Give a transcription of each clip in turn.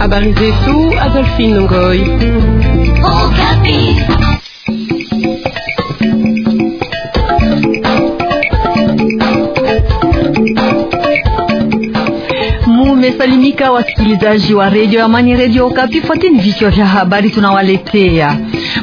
Habari zetu Adolphine Ngoi. Tumesalimika wasikilizaji wa redio Amani, redio Okapi. Fuateni vichwa vya habari tunawaletea.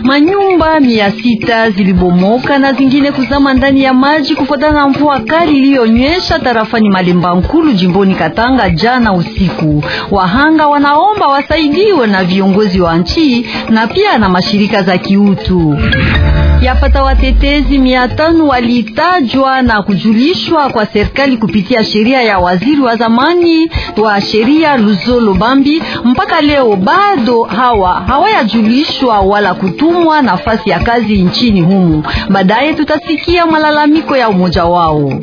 Manyumba mia sita zilibomoka na zingine kuzama ndani ya maji kufuatana na mvua kali iliyonyesha tarafani Malemba Nkulu jimboni Katanga jana usiku. Wahanga wanaomba wasaidiwe na viongozi wa nchi na pia na mashirika za kiutu yapata watetezi mia tano walitajwa na kujulishwa kwa serikali kupitia sheria ya waziri wa zamani wa sheria Luzolo Bambi. Mpaka leo bado hawa hawayajulishwa wala kutumwa nafasi ya kazi nchini humu. Baadaye tutasikia malalamiko ya umoja wao.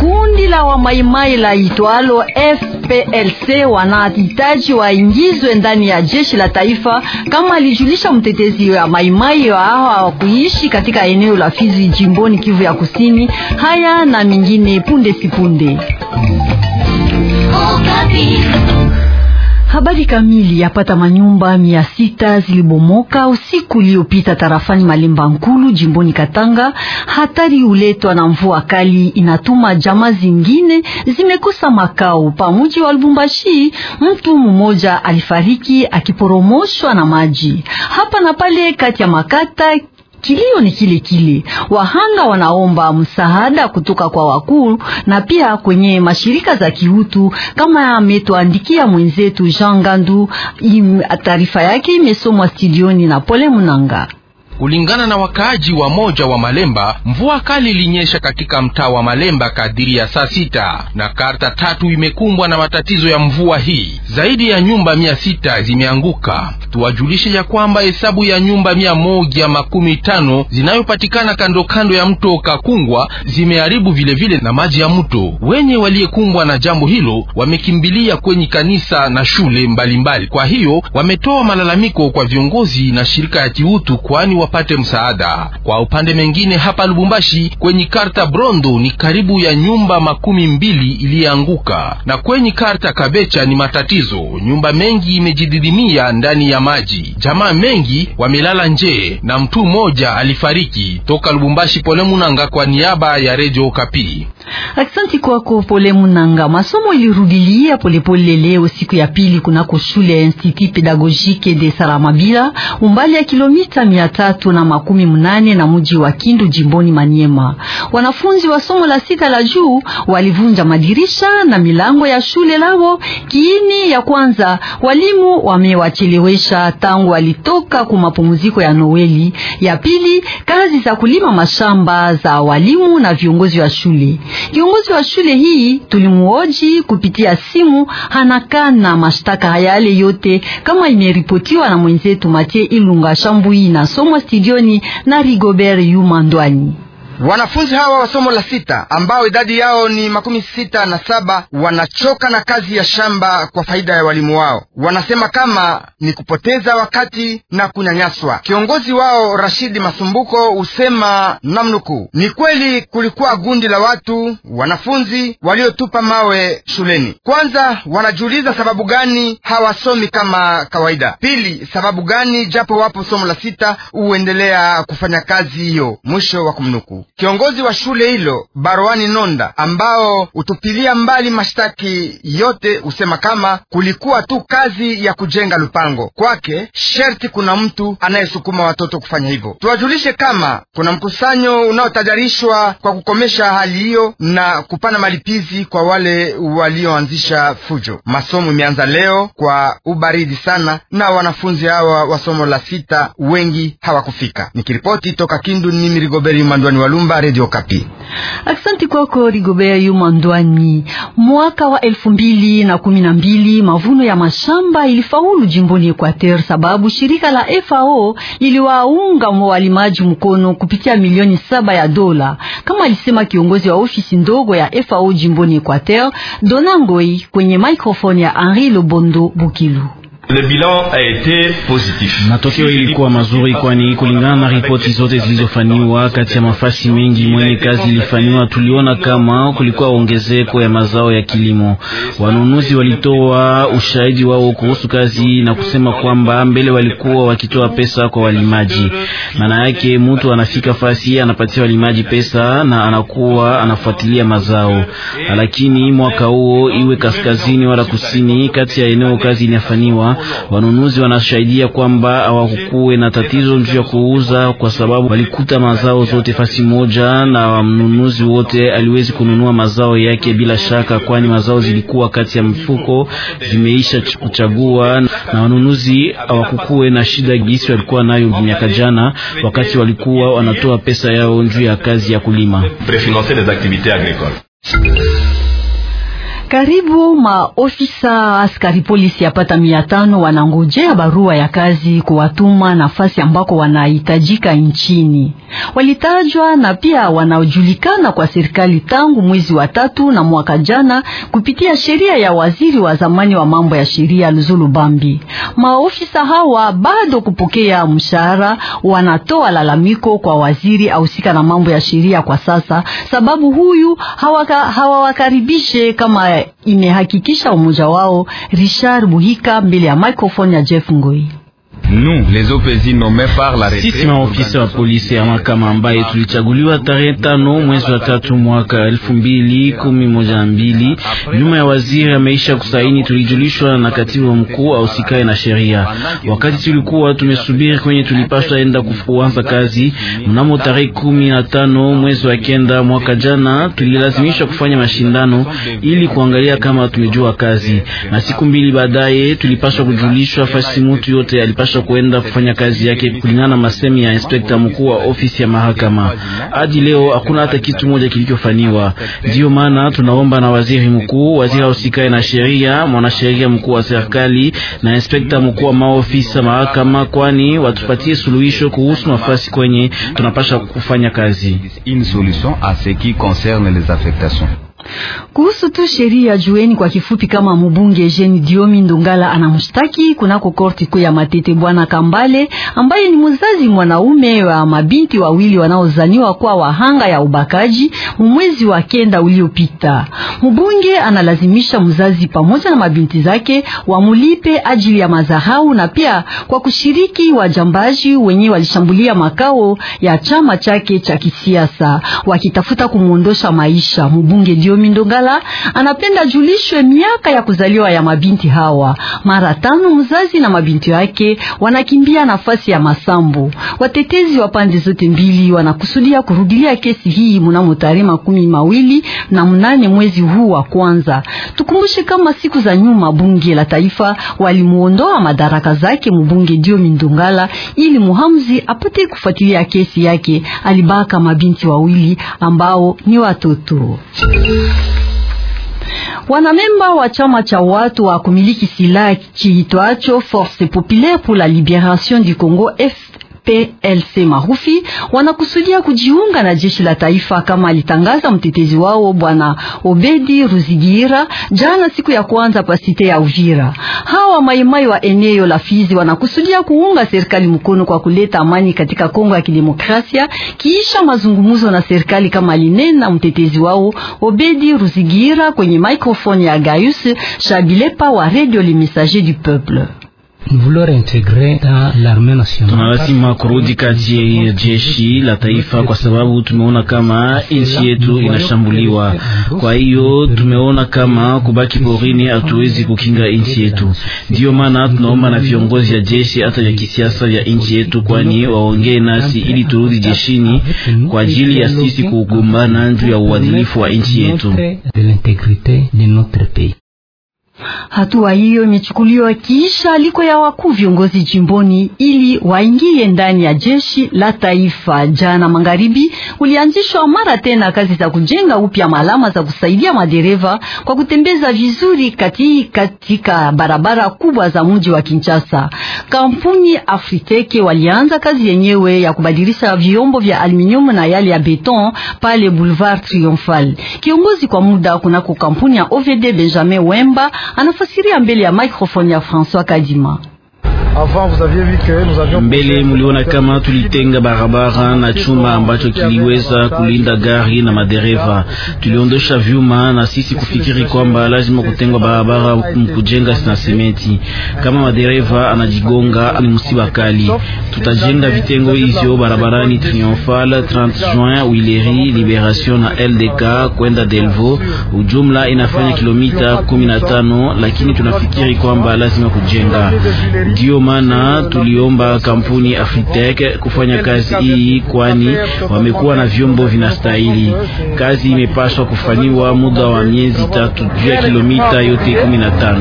Kundi la wamaimai la itwalo FPLC wanahitaji waingizwe ndani ya jeshi la taifa, kama alijulisha mtetezi wa maimai wa kuishi katika eneo la Fizi jimboni Kivu ya Kusini. Haya na mingine punde sipunde. Habari kamili. Yapata manyumba mia sita zilibomoka usiku uliopita tarafani Malemba Nkulu jimboni Katanga. Hatari uletwa na mvua kali inatuma jamaa zingine zimekosa makao. Pamuji wa Lubumbashi, mtu mmoja alifariki akiporomoshwa na maji hapa na pale kati ya makata Kilio ni kile kile, wahanga wanaomba msaada kutoka kwa wakuu na pia kwenye mashirika za kiutu, kama ametuandikia mwenzetu Jean Gandu. Taarifa yake imesomwa studioni na Pole Munanga. Kulingana na wakaaji wa moja wa Malemba, mvua kali ilinyesha katika mtaa wa Malemba kadiri ya saa sita na karta tatu imekumbwa na matatizo ya mvua hii. Zaidi ya nyumba mia sita zimeanguka. Tuwajulishe ya kwamba hesabu ya nyumba mia moja makumi tano zinayopatikana kando kando ya mto Kakungwa zimeharibu vilevile na maji ya mto. Wenye waliyekumbwa na jambo hilo wamekimbilia kwenye kanisa na shule mbalimbali mbali. Kwa hiyo wametoa malalamiko kwa viongozi na shirika ya kiutu kwani wapate msaada. Kwa upande mengine, hapa Lubumbashi kwenye karta Brondo ni karibu ya nyumba makumi mbili ilianguka, na kwenye karta Kabecha ni matatizo, nyumba mengi imejididimia ndani ya maji, jamaa mengi wamelala nje na mtu mmoja alifariki. Toka Lubumbashi, Pole Munanga kwa niaba ya Redio Kapi. Aksanti kwako Pole Munanga. Masomo ilirudilia polepole leo siku ya pili kunako shule ya Institut Pedagogique de Salamabila umbali ya kilomita mia tatu tatu na makumi mnane na mji wa Kindu jimboni Maniema. Wanafunzi wa somo la sita la juu walivunja madirisha na milango ya shule lao kiini ya kwanza. Walimu wamewachelewesha tangu walitoka ku mapumziko ya Noeli. Ya pili, kazi za kulima mashamba za walimu na viongozi wa shule. Kiongozi wa shule hii tulimuoji kupitia simu, hanakana mashtaka yale yote kama imeripotiwa na mwenzetu Matie Ilunga Shambui na somo studioni na Rigobert Yumandwani. Wanafunzi hawa wa somo la sita ambao idadi yao ni makumi sita na saba wanachoka na kazi ya shamba kwa faida ya walimu wao. Wanasema kama ni kupoteza wakati na kunyanyaswa. Kiongozi wao Rashidi Masumbuko husema namnukuu, ni kweli kulikuwa gundi la watu wanafunzi waliotupa mawe shuleni. Kwanza wanajiuliza sababu gani hawasomi kama kawaida. Pili, sababu gani japo wapo somo la sita huendelea kufanya kazi hiyo. Mwisho wa kumnuku kiongozi wa shule hilo Barwani Nonda, ambao hutupilia mbali mashtaki yote, husema kama kulikuwa tu kazi ya kujenga lupango kwake, sherti kuna mtu anayesukuma watoto kufanya hivyo. Tuwajulishe kama kuna mkusanyo unaotajarishwa kwa kukomesha hali hiyo na kupana malipizi kwa wale walioanzisha fujo. Masomo imeanza leo kwa ubaridi sana, na wanafunzi hawa wa somo la sita wengi hawakufika. Nikiripoti toka Kindu, ni Rigoberi Mandwani Walu Lumba, Radio Kapi. Aksanti kwako Rigobea Yuma Ndwani. Mwaka wa elfu mbili na kumi na mbili mavuno ya mashamba ilifaulu jimboni Equateur sababu shirika la FAO liliwaunga walimaji mkono kupitia milioni saba ya dola, kama alisema kiongozi wa ofisi ndogo ya FAO jimboni Equateur Donangoi kwenye microphone ya Henri Lobondo Bukilu. Matokeo ilikuwa mazuri, kwani kulingana na ripoti zote zilizofanywa kati ya mafasi mengi mwenye kazi ilifanywa, tuliona kama kulikuwa ongezeko ya mazao ya kilimo. Wanunuzi walitoa ushahidi wao kuhusu kazi na kusema kwamba mbele walikuwa wakitoa pesa kwa walimaji. Maana yake mtu anafika fasi anapatia walimaji pesa na anakuwa anafuatilia mazao, lakini mwaka huo iwe kaskazini wala kusini, kati ya eneo kazi inafanywa Wanunuzi wanashahidia kwamba hawakukuwe na tatizo njuu ya kuuza, kwa sababu walikuta mazao zote fasi moja, na mnunuzi wote aliwezi kununua mazao yake bila shaka, kwani mazao zilikuwa kati ya mfuko zimeisha kuchagua, na wanunuzi hawakukuwe na shida gisi walikuwa nayo miaka jana, wakati walikuwa wanatoa pesa yao njuu ya kazi ya kulima. Karibu maofisa askari polisi yapata mia tano wanangojea barua ya kazi kuwatuma nafasi ambako wanahitajika nchini. Walitajwa na pia wanaojulikana kwa serikali tangu mwezi wa tatu na mwaka jana kupitia sheria ya waziri wa zamani wa mambo ya sheria Luzulu Bambi. Maofisa hawa bado kupokea mshahara, wanatoa lalamiko kwa waziri ahusika na mambo ya sheria kwa sasa, sababu huyu hawawakaribishe hawa kama imehakikisha umoja wao. Richard Buhika mbele ya microphone ya Jeff Ngoi. Sisi maofisa wa polisi ya mahakama ambaye tulichaguliwa tarehe tano mwezi wa tatu mwaka elfu mbili kumi moja na mbili nyuma ya waziri ameisha kusaini, tulijulishwa na katibu mkuu ausikae na sheria. Wakati tulikuwa tumesubiri kwenye tulipaswa enda kuanza kazi mnamo tarehe kumi na tano mwezi wa kenda mwaka jana, tulilazimishwa kufanya mashindano ili kuangalia kama tumejua kazi, na siku mbili baadaye tulipaswa kujulishwa fasi mutu yote alipaswa kupaswa kuenda kufanya kazi yake kulingana na masemi ya inspekta mkuu wa ofisi ya mahakama. Hadi leo hakuna hata kitu moja kilichofanywa. Ndiyo maana tunaomba na waziri mkuu, waziri ausikae na sheria, mwanasheria mkuu wa serikali na inspekta mkuu wa maofisa mahakama, kwani watupatie suluhisho kuhusu nafasi kwenye tunapasha kufanya kazi. Kuhusu tu sheria jueni kwa kifupi kama mbunge jeni Diomi ndungala anamshtaki kunako korti kuu ya Matete bwana Kambale ambaye ni mzazi mwanaume wa mabinti wawili wanaozaniwa kwa wahanga ya ubakaji mwezi wa kenda uliopita. Mbunge analazimisha mzazi pamoja na mabinti zake wamulipe ajili ya mazahau na pia kwa kushiriki wajambaji wenye walishambulia makao ya chama chake cha kisiasa wakitafuta kumwondosha maisha. Mbunge Diomi Lomi Ndongala anapenda julishwe miaka ya kuzaliwa ya mabinti hawa. Mara tano mzazi na mabinti yake wanakimbia nafasi ya masambo. Watetezi wa pande zote mbili wanakusudia kurudilia kesi hii mnamo tarehe makumi mawili na mnane mwezi huu wa kwanza. Tukumbushe kama siku za nyuma bunge la taifa walimuondoa madaraka zake mbunge Diomi Ndongala ili muhamzi apate kufuatilia kesi yake. Alibaka mabinti wawili ambao ni watoto. Wanamemba wa chama cha watu wa kumiliki silaha kiitwacho Force Populaire pour la libération du Congo PLC marufi wanakusudia kujiunga na jeshi la taifa kama alitangaza mtetezi wao bwana Obedi Ruzigira jana siku ya kwanza pasite ya Uvira. Hawa maimai wa eneo la Fizi wanakusudia kuunga serikali mkono kwa kuleta amani katika Kongo ya Kidemokrasia kiisha mazungumzo na serikali kama alinena mtetezi wao Obedi Ruzigira kwenye microphone ya Gayus Shabilepa wa Radio Le Messager du Peuple tunalazima kurudi kati ya jeshi la taifa, kwa sababu tumeona kama nchi yetu inashambuliwa. Kwa hiyo tumeona kama kubaki porini hatuwezi kukinga nchi yetu. Ndiyo maana tunaomba na viongozi ya jeshi hata vya kisiasa vya nchi yetu, kwani waongee nasi ili turudi jeshini kwa ajili ya sisi kugombana juu ya uadilifu wa nchi yetu. Hatua hiyo imechukuliwa kiisha aliko ya wakuu viongozi jimboni ili waingie ndani ya jeshi la taifa. Jana magharibi ulianzishwa mara tena kazi za kujenga upya maalama za kusaidia madereva kwa kutembeza vizuri kati katika barabara kubwa za mji wa Kinshasa. Kampuni Afriteke walianza kazi yenyewe ya kubadilisha vyombo vya aluminium na yale ya beton pale Boulevard Triomphal. Kiongozi kwa muda kunako kampuni ya OVD Benjamin Wemba anafasiria mbele ya microphone ya François Kadima. Mbele muliona kama tulitenga barabara na chuma ambacho kiliweza kulinda gari na madereva, tuliondosha vyuma na sisi kufikiri kwamba lazima kutengwa barabara mkujenga na sementi. Kama madereva anajigonga ni msiba kali. Tutajenga vitengo hivyo barabarani Triomphal, 30 Juin, Willeri, Liberation na LDK kwenda Delvaux. Ujumla inafanya kilomita 15, lakini tunafikiri kwamba lazima kujenga ndio ndio maana tuliomba kampuni Afritec kufanya kazi hii, kwani wamekuwa na vyombo vinastahili. Kazi imepaswa kufanywa muda wa miezi tatu juu ya kilomita yote 15.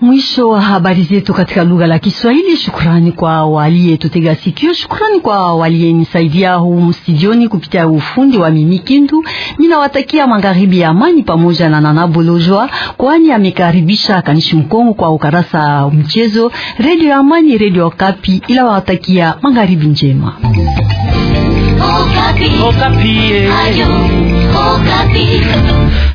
Mwisho wa habari zetu katika lugha la Kiswahili. Shukrani kwa waliyetutega sikio, shukrani kwa waliyenisaidia humu studioni kupitia ufundi wa Mimi Kindu. Ninawatakia magharibi ya amani pamoja na Nana Bolojwa, kwani amekaribisha Kanishi Mkongo kwa ukarasa mchezo. Redio ya Amani, Redio Kapi. ila watakia magharibi njema. Okapi. Okapi. Eh. Ayo, Okapi.